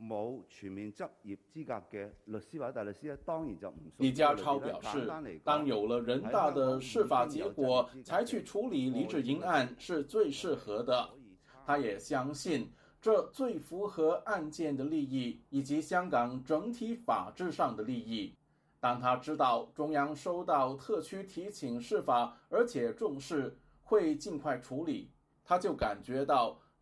冇全面執業資格嘅律師或者大律師當然就唔。李家超表示，單單當有了人大的司法釋法結果，才去處理黎智英案是最適合的。他也相信，這最符合案件的利益以及香港整體法治上的利益。當他知道中央收到特區提請釋法，而且重視，會盡快處理，他就感覺到。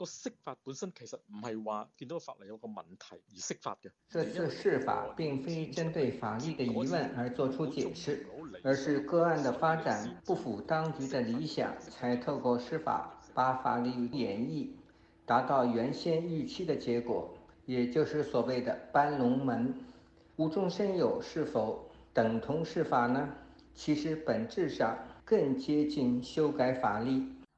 個釋法本身其實唔係話見到法例有個問題而釋法嘅。這次釋法並非針對法律嘅疑問而作出解釋，而是個案嘅發展不符當局嘅理想，才透過釋法把法律演繹，達到原先預期嘅結果，也就是所謂嘅「搬龍門」。無中生有是否等同釋法呢？其實本質上更接近修改法律。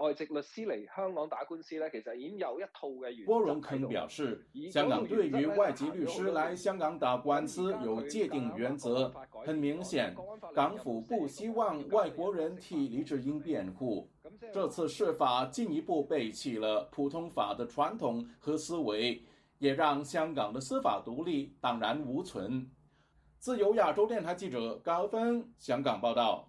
外籍律師嚟香港打官司呢，其實已經有一套嘅原則。郭榮鏗表示，香港對於外籍律師嚟香港打官司有界定原則，很明顯，港府不希望外國人替黎智英辯護。這次釋法進一步背棄了普通法的傳統和思維，也讓香港的司法獨立蕩然無存。自由亞洲電台記者高分香港報道。